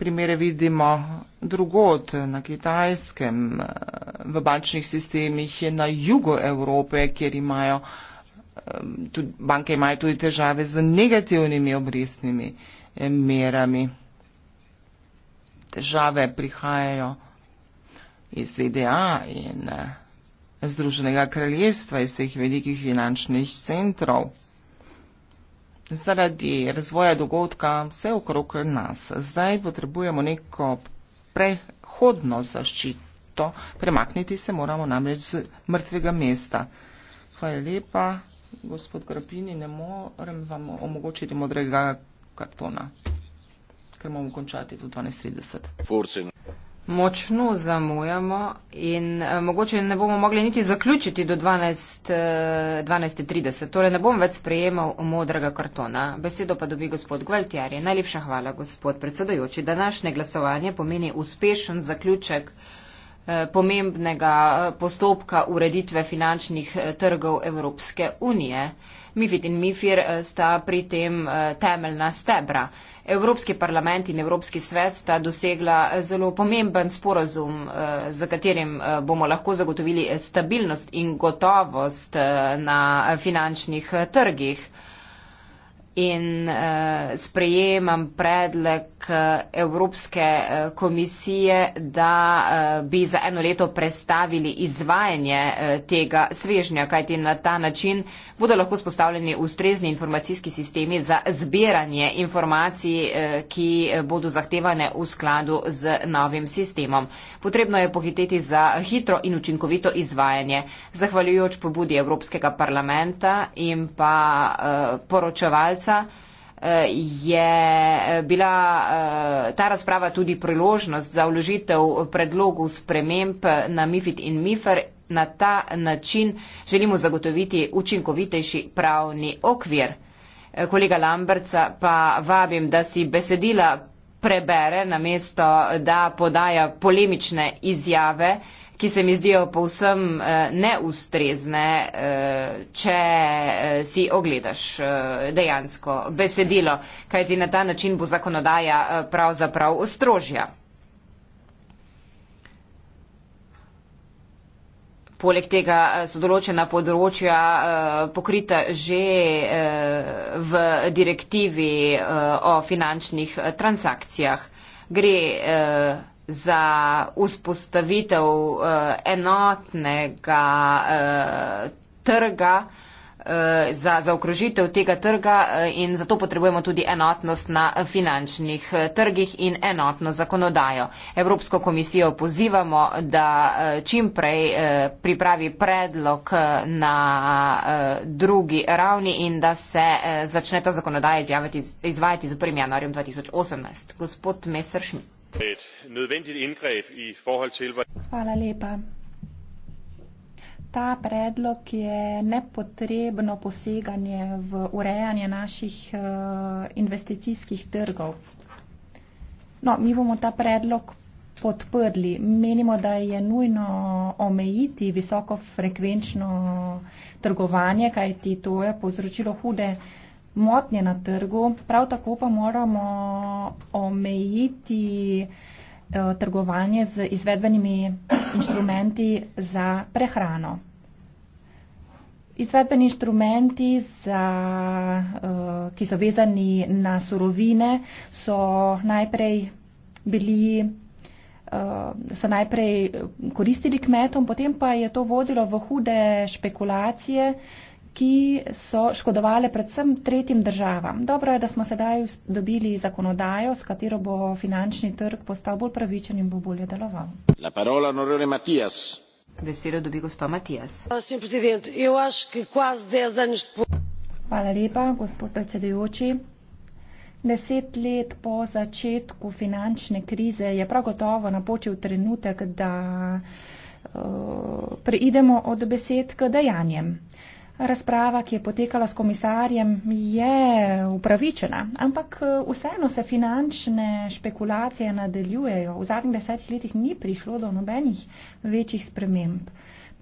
[SPEAKER 3] Primere vidimo drugot na kitajskem, v bančnih sistemih je na jugu Evrope, kjer imajo, eh, tudi, banke imajo tudi težave z negativnimi obrestnimi eh, merami. Težave prihajajo iz ZDA in eh, Združenega kraljestva, iz teh velikih finančnih centrov zaradi razvoja dogodka vse okrog nas. Zdaj potrebujemo neko prehodno zaščito, premakniti se moramo namreč z mrtvega mesta. Hvala lepa, gospod Grapini, ne morem vam omogočiti modrega kartona, ker moramo končati do 12.30.
[SPEAKER 1] Močno zamujamo in eh, mogoče ne bomo mogli niti zaključiti do 12.30. Eh, torej ne bom več sprejemal modrega kartona. Besedo pa dobi gospod Gualtjari. Najlepša hvala, gospod predsedojoči. Današnje glasovanje pomeni uspešen zaključek eh, pomembnega eh, postopka ureditve finančnih eh, trgov Evropske unije. MIFID in MIFIR eh, sta pri tem eh, temeljna stebra. Evropski parlament in Evropski svet sta dosegla zelo pomemben sporazum, eh, za katerim eh, bomo lahko zagotovili stabilnost in gotovost eh, na finančnih trgih in uh, sprejemam predlog uh, Evropske uh, komisije, da uh, bi za eno leto prestavili izvajanje uh, tega svežnja, kajti na ta način bodo lahko spostavljeni ustrezni informacijski sistemi za zbiranje informacij, uh, ki bodo zahtevane v skladu z novim sistemom. Potrebno je pohiteti za hitro in učinkovito izvajanje, zahvaljujoč pobudi Evropskega parlamenta in pa uh, poročevalca, časa eh, je eh, bila eh, ta razprava tudi priložnost za vložitev predlogov sprememb na MIFID in MIFR. Na ta način želimo zagotoviti učinkovitejši pravni okvir. Kolega Lamberca pa vabim, da si besedila prebere na mesto, da podaja polemične izjave ki se mi zdijo povsem eh, neustrezne, eh, če eh, si ogledaš dejansko besedilo, kajti na ta način bo zakonodaja pravzaprav ostrožja. Poleg tega so določena področja pokrita že v direktivi o finančnih transakcijah. Gre za vzpostavitev uh, enotnega uh, trga, uh, za, za okrožitev tega trga uh, in zato potrebujemo tudi enotnost na finančnih uh, trgih in enotno zakonodajo. Evropsko komisijo pozivamo, da uh, čimprej uh, pripravi predlog na uh, drugi ravni in da se uh, začne ta zakonodaja izjaviti, izvajati z 1. januarjem 2018. Gospod Messerschmidt.
[SPEAKER 4] Hvala lepa. Ta predlog je nepotrebno poseganje v urejanje naših eh, investicijskih trgov. No, mi bomo ta predlog podprli. Menimo, da je nujno omejiti visokofrekvenčno trgovanje, kajti to je povzročilo hude motnje na trgu, prav tako pa moramo omejiti eh, trgovanje z izvedbenimi inštrumenti za prehrano. Izvedbeni inštrumenti, za, eh, ki so vezani na surovine, so najprej bili eh, so najprej koristili kmetom, potem pa je to vodilo v hude špekulacije, ki so škodovale predvsem tretjim državam. Dobro je, da smo sedaj dobili zakonodajo, s katero bo finančni trg postal bolj pravičen in bo bolje deloval.
[SPEAKER 2] Besedo dobi gospa Matijas.
[SPEAKER 4] Hvala lepa, gospod predsedujoči. Deset let po začetku finančne krize je prav gotovo napočil trenutek, da uh, preidemo od besed k dejanjem. Uh, razprava, ki je potekala s komisarjem, je upravičena, ampak eh, vseeno se finančne špekulacije nadaljujejo. V zadnjih desetih letih ni prišlo do nobenih večjih sprememb.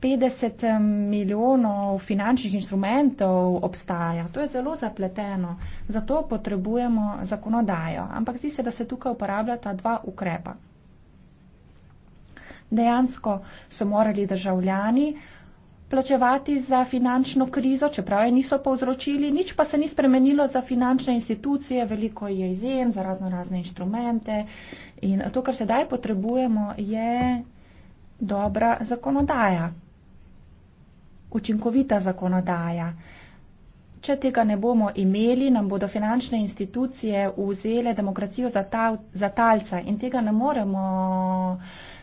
[SPEAKER 4] 50 eh, milijonov finančnih instrumentov obstaja. To je zelo zapleteno. Zato potrebujemo zakonodajo. Ampak zdi se, da se tukaj uporabljata dva ukrepa. Dejansko so morali državljani plačevati za finančno krizo, čeprav je niso povzročili, nič pa se ni spremenilo za finančne institucije, veliko je izjem za razno razne inštrumente in to, kar sedaj potrebujemo, je dobra zakonodaja, učinkovita zakonodaja. Če tega ne bomo imeli, nam bodo finančne institucije vzele demokracijo za, ta, za talca in tega ne moremo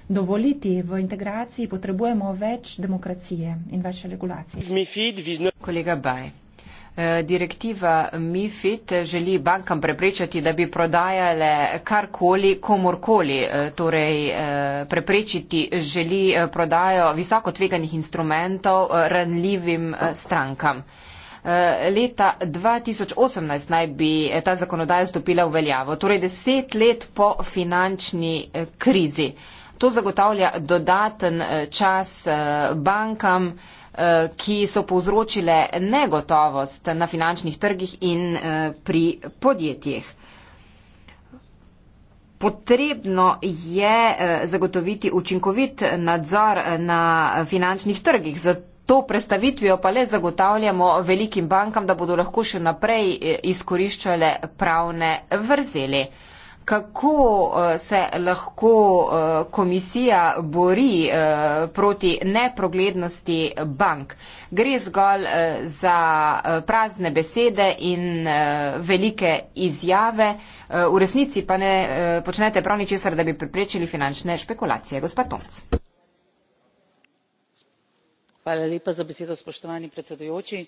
[SPEAKER 4] dovoliti v integraciji, potrebujemo več demokracije in več regulacije.
[SPEAKER 1] Kolega Baj. Eh, direktiva MIFID želi bankam preprečiti, da bi prodajale karkoli, komorkoli, eh, torej eh, preprečiti želi prodajo visoko tveganih instrumentov ranljivim strankam. Leta 2018 naj bi ta zakonodaja stopila v veljavo, torej deset let po finančni krizi. To zagotavlja dodaten eh, čas eh, bankam, eh, ki so povzročile negotovost na finančnih trgih in pri podjetjih. Potrebno je zagotoviti učinkovit nadzor na finančnih trgih. To predstavitvijo pa le zagotavljamo velikim bankam, da bodo lahko še naprej izkoriščale pravne vrzeli kako eh, se lahko eh, komisija bori eh, proti neproglednosti bank. Gre zgolj za prazne besede in velike izjave, v resnici pa ne počnete prav ničesar, da bi preprečili finančne špekulacije. Gospod Tomc.
[SPEAKER 5] Hvala lepa za besedo, spoštovani predsedujoči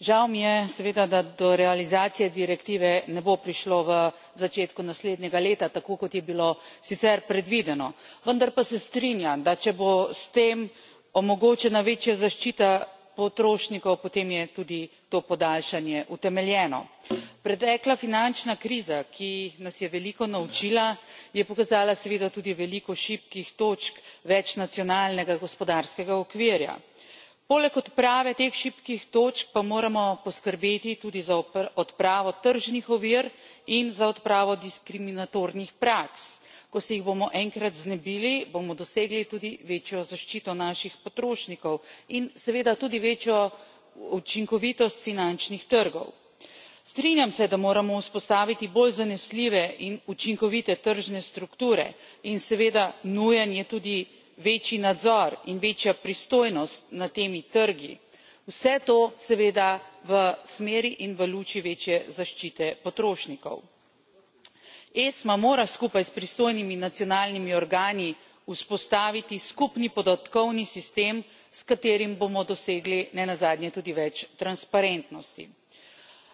[SPEAKER 5] žal mi je seveda da do realizacije direktive ne bo prišlo v začetku naslednjega leta tako kot je bilo sicer predvideno vendar pa se strinjam da če bo s tem omogočena večja zaščita potrošnikov potem je tudi to podaljšanje utemeljeno. pretekla finančna kriza ki nas je veliko naučila je pokazala seveda tudi veliko šibkih točk večnacionalnega gospodarskega okvirja poleg odprave teh šibkih točk pa moramo poskrbeti tudi za odpravo tržnih ovir in za odpravo diskriminatornih praks. ko se jih bomo enkrat znebili bomo dosegli tudi večjo zaščito naših potrošnikov in seveda tudi večjo učinkovitost finančnih trgov. strinjam se da moramo vzpostaviti bolj zanesljive in učinkovite tržne strukture in seveda nujen je tudi večji nadzor in večja pristojnost nad temi trgi vse to seveda v smeri in v luči večje zaščite potrošnikov. esma mora skupaj s pristojnimi nacionalnimi organi vzpostaviti skupni podatkovni sistem s katerim bomo dosegli nenazadnje tudi več transparentnosti.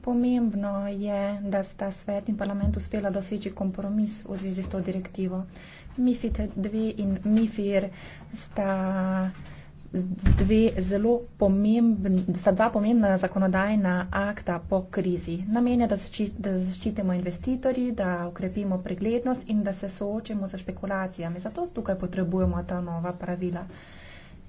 [SPEAKER 4] Pomembno je, da sta svet in parlament uspela doseči kompromis v zvezi s to direktivo. MIFID 2 in MIFIR sta, dve zelo pomembn, sta dva pomembna zakonodajna akta po krizi. Namen je, da, zaščit, da zaščitimo investitorji, da ukrepimo preglednost in da se soočimo za špekulacijami. Zato tukaj potrebujemo ta nova pravila.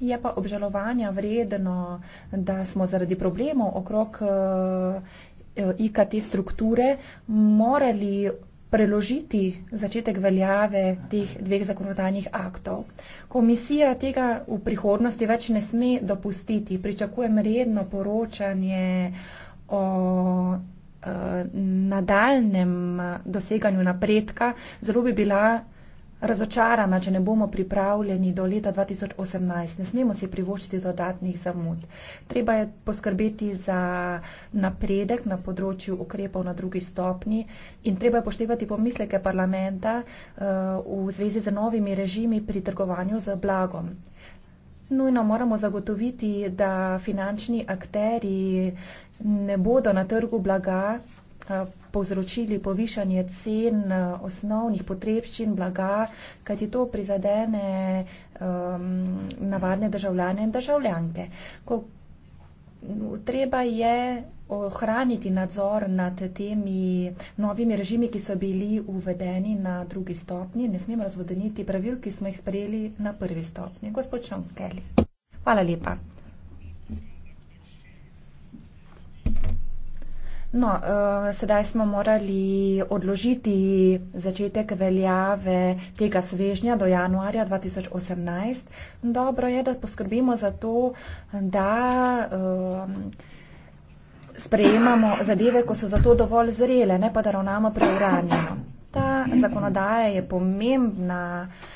[SPEAKER 4] Je pa obžalovanja vredno, da smo zaradi problemov okrog uh, Eh, IKT strukture, morali preložiti začetek veljave teh dveh zakonodajnih aktov. Komisija tega v prihodnosti več ne sme dopustiti. Pričakujem redno poročanje o eh, nadaljnem doseganju napredka. Zelo bi bila razočarana, če ne bomo pripravljeni do leta 2018. Ne smemo si privoščiti dodatnih zamud. Treba je poskrbeti za napredek na področju ukrepov na drugi stopni in treba je poštevati pomisleke parlamenta eh, v zvezi z novimi režimi pri trgovanju z blagom. Nujno moramo zagotoviti, da finančni akteri ne bodo na trgu blaga povzročili povišanje cen eh, osnovnih potrebščin, blaga, kajti to prizadene um, navadne državljane in državljanke. Ko treba je ohraniti nadzor nad temi novimi režimi, ki so bili uvedeni na drugi stopni. Ne smemo razvodeniti pravil, ki smo jih sprejeli na prvi stopni. Gospod Šonkeli. Hvala lepa. No, uh, sedaj smo morali odložiti začetek veljave tega svežnja do januarja 2018. Dobro je, da poskrbimo za to, da uh, sprejemamo zadeve, ko so za to dovolj zrele, ne pa da ravnamo preuranjeno. Ta zakonodaja je pomembna. Uh,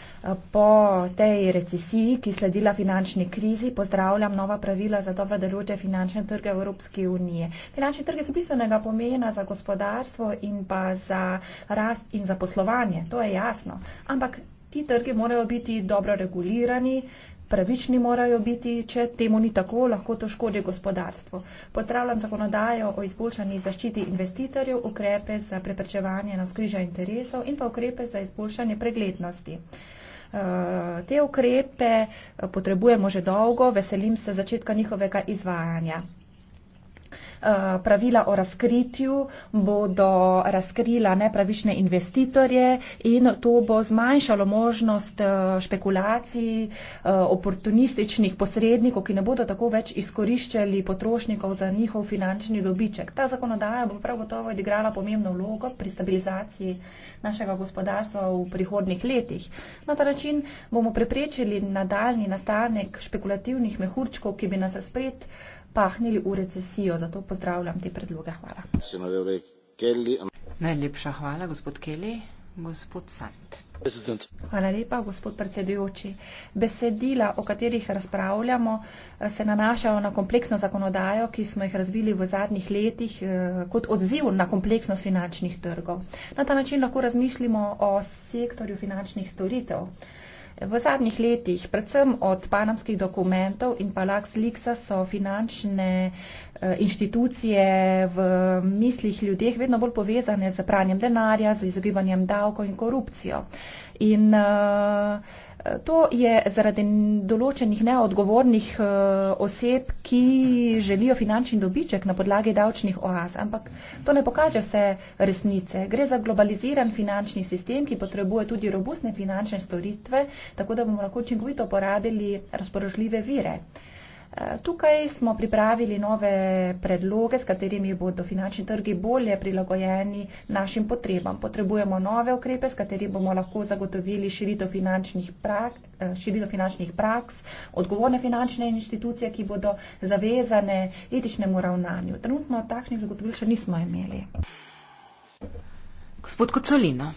[SPEAKER 4] Po tej recesiji, ki sledila finančni krizi, pozdravljam nova pravila za dobro deluče finančne trge Evropske unije. Finančni trg je bistvenega pomena za gospodarstvo in pa za rast in za poslovanje, to je jasno. Ampak ti trgi morajo biti dobro regulirani. Pravični morajo biti, če temu ni tako, lahko to škodi gospodarstvo. Pozdravljam zakonodajo o izboljšanji zaščiti investitorjev, ukrepe za preprečevanje na skrižja interesov in pa ukrepe za izboljšanje preglednosti. Eh, te ukrepe potrebujemo že dolgo, veselim se začetka njihovega izvajanja. Eh, pravila o razkritju bodo razkrila nepravične investitorje in to bo zmanjšalo možnost eh, špekulacij, eh, oportunističnih posrednikov, ki ne bodo tako več izkoriščali potrošnikov za njihov finančni dobiček. Ta zakonodaja bo prav gotovo odigrala pomembno vlogo pri stabilizaciji našega gospodarstva v prihodnih letih. Na ta način bomo preprečili nadaljni nastanek špekulativnih mehurčkov, ki bi nas spet uh, pahnili v recesijo. Zato pozdravljam te predloge. Hvala. Najlepša hvala, gospod Kelly. Gospod Sant. Hvala lepa, gospod predsedujoči. Besedila, o katerih razpravljamo, se nanašajo na kompleksno zakonodajo, ki smo jih razvili v zadnjih letih eh, kot odziv na kompleksnost finančnih trgov. Na ta način lahko razmišljamo o sektorju finančnih storitev. V zadnjih letih, predvsem od panamskih dokumentov in pa Lux Lixa, so finančne eh, inštitucije v mislih ljudeh vedno bolj povezane z pranjem denarja, z izogibanjem davkov in korupcijo. In uh, to je zaradi določenih neodgovornih uh, oseb, ki želijo finančni dobiček na podlagi davčnih oaz. Ampak to ne pokaže vse resnice. Gre za globaliziran finančni sistem, ki potrebuje tudi robustne finančne storitve, tako da bomo lahko učinkovito porabili razpoložljive vire. Uh, Tukaj smo pripravili nove predloge, s katerimi bodo finančni trgi bolje prilagojeni našim potrebam. Potrebujemo nove ukrepe, s katerimi bomo lahko zagotovili širito finančnih, prak, eh, širito finančnih praks, odgovorne finančne inštitucije, ki bodo zavezane etičnemu ravnanju. Trenutno takšnih zagotovil še nismo imeli.
[SPEAKER 1] Gospod Kocolina.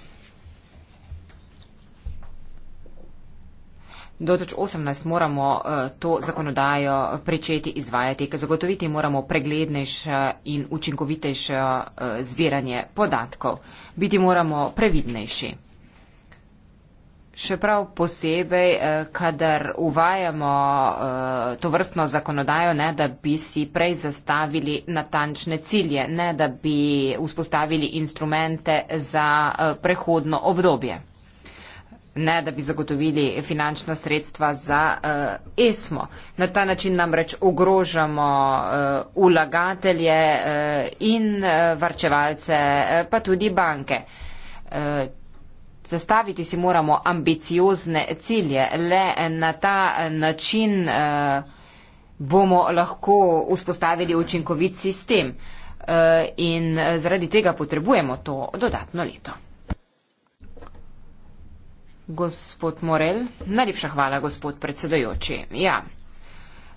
[SPEAKER 1] Do 2018 moramo eh, to zakonodajo pričeti izvajati, ker zagotoviti moramo preglednejše in učinkovitejše eh, zbiranje podatkov. Biti moramo previdnejši. Še prav posebej, eh, kadar uvajamo to vrstno zakonodajo, ne da bi si prej zastavili natančne cilje, ne da bi vzpostavili instrumente za prehodno obdobje ne da bi zagotovili finančna sredstva za uh, ESMO. Na ta način namreč ogrožamo uh, eh, ulagatelje uh, eh, in uh, varčevalce, uh, pa tudi banke. Uh, zastaviti si moramo ambiciozne cilje, le na ta način uh, bomo lahko vzpostavili učinkovit sistem. In zaradi tega potrebujemo to dodatno leto. Gospod Morel, najlepša hvala, gospod predsedojoči. Ja.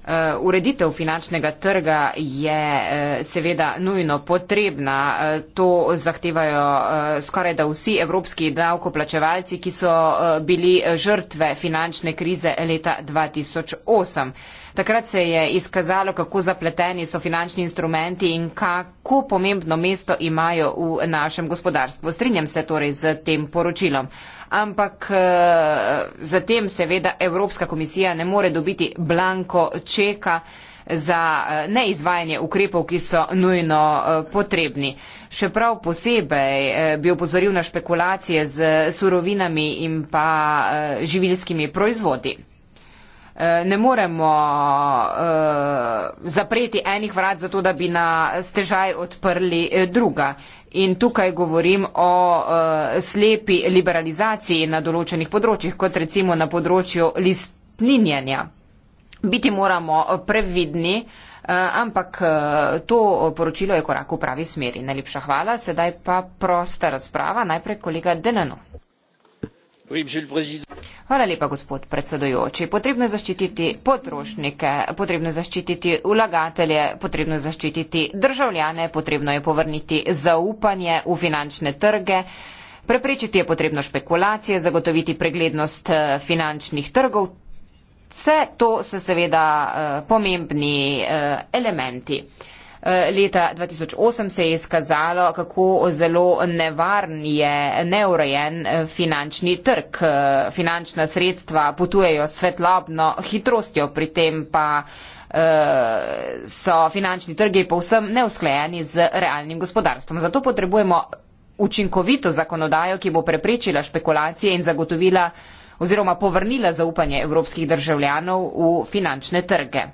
[SPEAKER 1] Uh, ureditev finančnega trga je uh, seveda nujno potrebna. Uh, to zahtevajo uh, skoraj da vsi evropski davkoplačevalci, ki so uh, bili žrtve finančne krize leta 2008. Takrat se je izkazalo, kako zapleteni so finančni instrumenti in kako pomembno mesto imajo v našem gospodarstvu. Strinjam se torej z tem poročilom. Ampak eh, za tem seveda Evropska komisija ne more dobiti blanko čeka za eh, neizvajanje ukrepov, ki so nujno eh, potrebni. Še prav posebej bi opozoril na špekulacije z surovinami in pa živilskimi proizvodi. Eh, ne moremo eh, zapreti enih vrat, zato da bi na stežaj odprli eh, druga. In tukaj govorim o slepi liberalizaciji na določenih področjih, kot recimo na področju listninjanja. Biti moramo previdni, ampak to poročilo je korak v pravi smeri. Najlepša hvala, sedaj pa prosta razprava, najprej kolega Denano. Hvala lepa, gospod predsedujoči. Potrebno je zaščititi potrošnike, potrebno je zaščititi ulagatelje, potrebno je zaščititi državljane, potrebno je povrniti zaupanje v finančne trge. Preprečiti je potrebno špekulacije, zagotoviti preglednost eh, finančnih trgov. Vse to so seveda eh, pomembni eh, elementi. Eh, leta 2008 se je izkazalo, kako zelo nevaren je neurejen eh, finančni trg. Eh, finančna sredstva potujejo svetlobno hitrostjo, pri tem pa so finančni trgi povsem neusklejeni z realnim gospodarstvom. Zato potrebujemo učinkovito zakonodajo, ki bo preprečila špekulacije in zagotovila oziroma povrnila zaupanje evropskih državljanov v finančne trge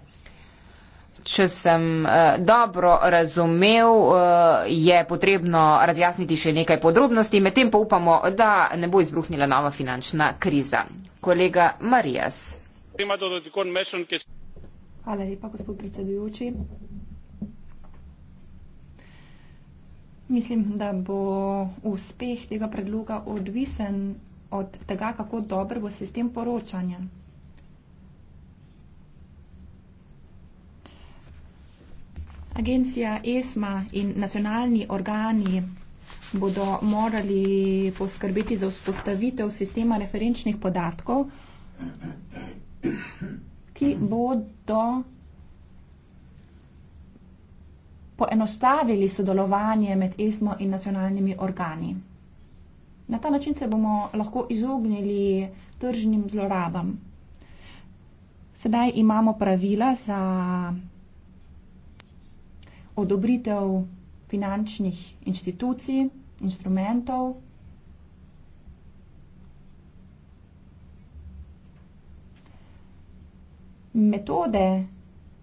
[SPEAKER 1] če sem eh, dobro razumev, eh, je potrebno razjasniti še nekaj podrobnosti, medtem pa upamo, da ne bo izbruhnila nova finančna kriza.
[SPEAKER 4] Kolega Marijas. Hvala lepa, gospod predsedujoči. Mislim, da bo uspeh tega predloga odvisen od tega, kako dober bo sistem poročanja. Agencija ESMA in nacionalni organi bodo morali poskrbeti za vzpostavitev sistema referenčnih podatkov, ki bodo poenostavili sodelovanje med ESMO in nacionalnimi organi. Na ta način se bomo lahko izognili tržnim zlorabam. Sedaj imamo pravila za odobritev finančnih inštitucij, instrumentov. Metode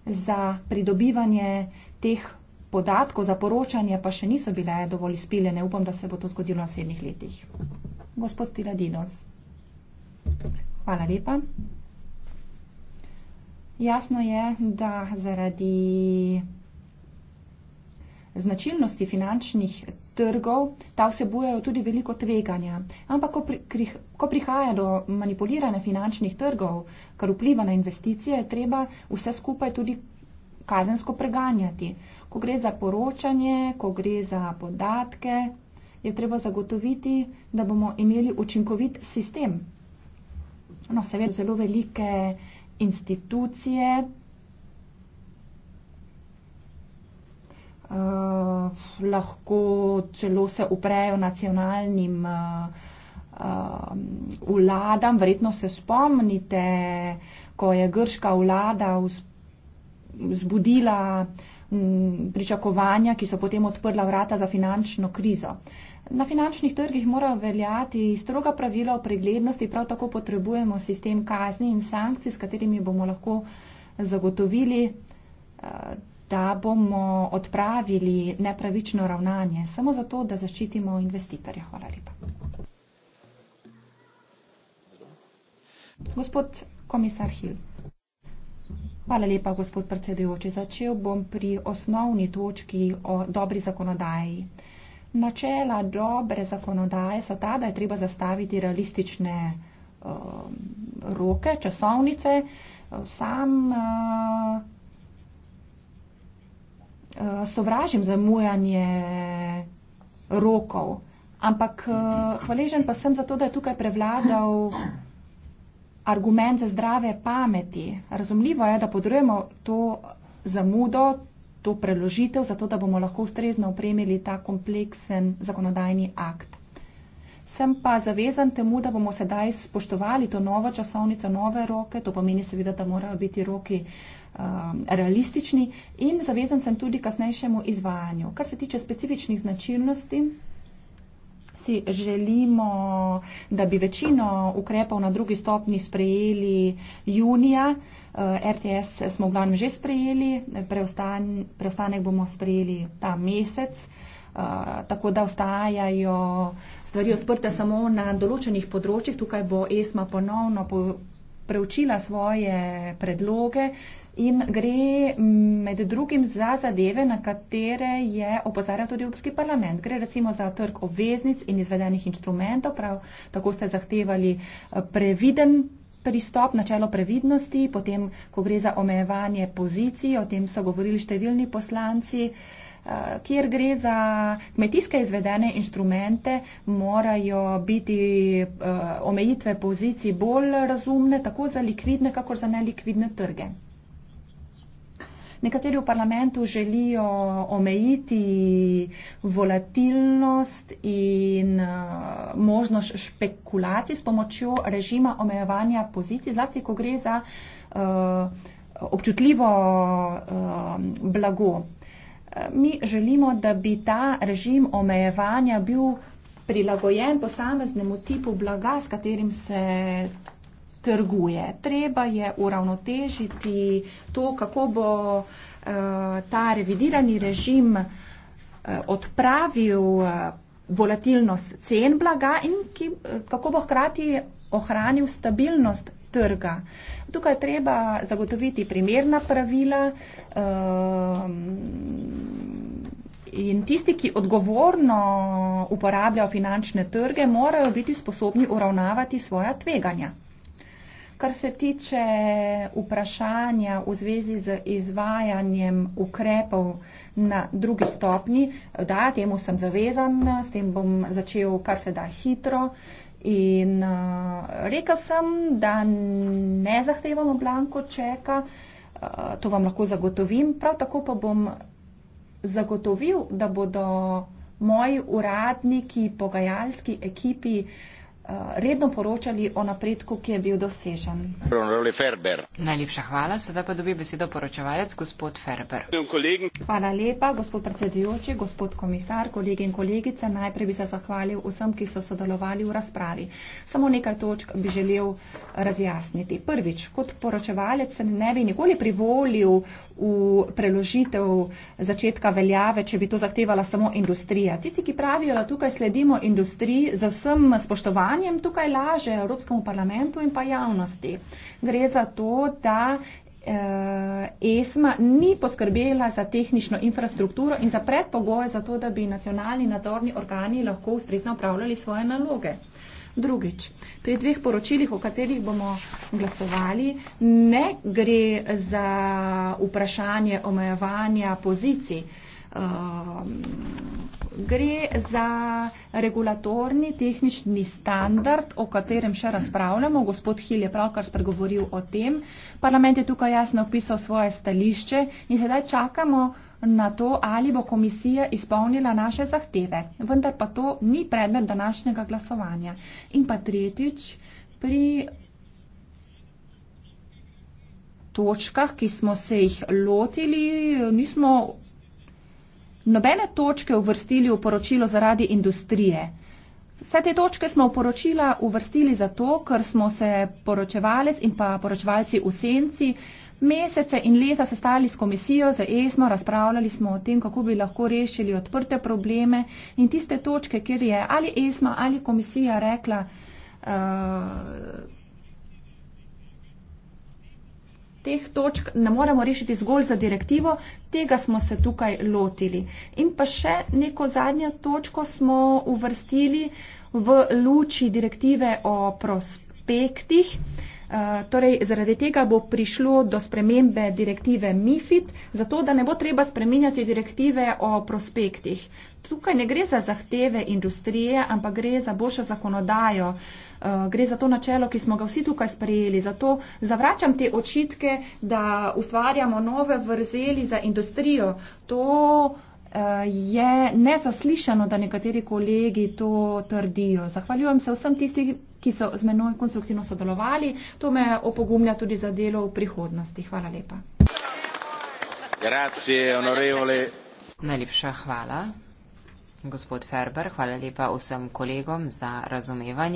[SPEAKER 4] za pridobivanje teh podatkov, za poročanje pa še niso bile dovolj izpiljene. Upam, da se bo to zgodilo v naslednjih letih. Gospod Stiladinos, hvala lepa. Jasno je, da zaradi značilnosti finančnih trgov, ta vsebujejo tudi veliko tveganja. Ampak ko, pri, ko prihaja do manipuliranja finančnih trgov, kar vpliva na investicije, je treba vse skupaj tudi kazensko preganjati. Ko gre za poročanje, ko gre za podatke, je treba zagotoviti, da bomo imeli učinkovit sistem. No, seveda zelo velike institucije, uh, lahko celo se uprejo nacionalnim uh, uh, vladam. Verjetno se spomnite, ko je grška vlada vzbudila pričakovanja, ki so potem odprla vrata za finančno krizo. Na finančnih trgih morajo veljati stroga pravila o preglednosti, prav tako potrebujemo sistem kazni in sankcij, s katerimi bomo lahko zagotovili da bomo odpravili nepravično ravnanje, samo zato, da zaščitimo investitorja. Hvala lepa. Gospod komisar Hil. Hvala lepa, gospod predsedujoči. Začel bom pri osnovni točki o dobri zakonodaji. Načela dobre zakonodaje so ta, da je treba zastaviti realistične uh, roke, časovnice. Sam uh, Eh, sovražim zamujanje rokov, ampak eh, hvaležen pa sem za to, da je tukaj prevladal argument za zdrave pameti. Razumljivo je, da podrujemo to zamudo, to preložitev, zato da bomo lahko ustrezno upremili ta kompleksen zakonodajni akt sem pa zavezan temu, da bomo sedaj spoštovali to novo časovnico, nove roke, to pomeni seveda, da morajo biti roki um, realistični in zavezan sem tudi kasnejšemu izvajanju. Kar se tiče specifičnih značilnosti, si želimo, da bi večino ukrepov na drugi stopni sprejeli junija. Uh, RTS smo v glavnem že sprejeli, preostanek bomo sprejeli ta mesec. Uh, Eh, tako da ostajajo stvari odprte samo na določenih področjih. Tukaj bo ESMA ponovno po preučila svoje predloge in gre med drugim za zadeve, na katere je opozarjal tudi Evropski parlament. Gre recimo za trg obveznic in izvedenih inštrumentov, prav tako ste zahtevali eh, previden pristop, načelo previdnosti, potem, ko gre za omejevanje pozicij, o tem so govorili številni poslanci. Uh, Eh, kjer gre za kmetijske izvedene inštrumente, morajo biti eh, omejitve pozicij bolj razumne, tako za likvidne, kakor za nelikvidne trge. Nekateri v parlamentu želijo omejiti volatilnost in eh, možnost špekulacij s pomočjo režima omejevanja pozicij, zlasti ko gre za občutljivo blago mi želimo, da bi ta režim omejevanja bil prilagojen posameznemu tipu blaga, s katerim se trguje. Treba je uravnotežiti to, kako bo eh, ta revidirani režim eh, odpravil eh, volatilnost cen blaga in ki, kako bo hkrati ohranil stabilnost trga. Tukaj je treba zagotoviti primerna pravila ehm, in tisti, ki odgovorno uporabljajo finančne trge, morajo biti sposobni uravnavati svoja tveganja. Kar se tiče vprašanja v zvezi z izvajanjem ukrepov na drugi stopni, da, temu sem zavezan, s tem bom začel kar se da hitro. Uh, In uh, rekel sem, da ne zahtevamo blanko čeka, uh, to vam lahko zagotovim. Prav tako pa bom zagotovil, da bodo moji uradniki, pogajalski ekipi uh, Eh, redno poročali o napredku, ki je bil dosežen. Najlepša hvala, sedaj pa dobi besedo poročevalec gospod Ferber. Hvala lepa, gospod predsedujoči, gospod komisar, kolegi in kolegice. Najprej bi se zahvalil vsem, ki so sodelovali v razpravi. Samo nekaj točk bi želel razjasniti. Prvič, kot poročevalec ne bi nikoli privolil v preložitev začetka veljave, če bi to zahtevala samo industrija. Tisti, ki pravijo, da tukaj sledimo industriji, z vsem spoštovanjem, vprašanjem. Tukaj laže Evropskemu parlamentu in pa javnosti. Gre za to, da eh, ESMA ni poskrbela za tehnično infrastrukturo in za predpogoje za to, da bi nacionalni nadzorni organi lahko ustrezno upravljali svoje naloge. Drugič, pri dveh poročilih, o katerih bomo glasovali, ne gre za vprašanje omejevanja pozicij. Uh, Ehm, gre za regulatorni tehnični standard, o katerem še razpravljamo. Gospod Hil je pravkar spregovoril o tem. Parlament je tukaj jasno opisal svoje stališče in sedaj čakamo na to, ali bo komisija izpolnila naše zahteve. Vendar pa to ni predmet današnjega glasovanja. In pa tretjič, pri točkah, ki smo se jih lotili, nismo nobene točke uvrstili v poročilo zaradi industrije. Vse te točke smo v poročila uvrstili zato, ker smo se poročevalec in pa poročevalci v senci mesece in leta sestali s komisijo za ESMO, razpravljali smo o tem, kako bi lahko rešili odprte probleme in tiste točke, kjer je ali ESMA ali komisija rekla, uh, teh točk ne moremo rešiti zgolj za direktivo, tega smo se tukaj lotili. In pa še neko zadnjo točko smo uvrstili v luči direktive o prospektih. Eh, torej zaradi tega bo prišlo do spremembe direktive MIFID, zato da ne bo treba spreminjati direktive o prospektih. Tukaj ne gre za zahteve industrije, ampak gre za boljšo zakonodajo. Eh, gre za to načelo, ki smo ga vsi tukaj sprejeli. Zato zavračam te očitke, da ustvarjamo nove vrzeli za industrijo. To eh, je nezaslišano, da nekateri kolegi to trdijo. Zahvaljujem se vsem tistim, ki so z menoj konstruktivno sodelovali. To me opogumlja tudi za delo v prihodnosti. Hvala lepa.
[SPEAKER 2] Grazie, onorevole.
[SPEAKER 1] Najlepša hvala. Gospod Ferber, hvala lepa vsem kolegom za razumevanje.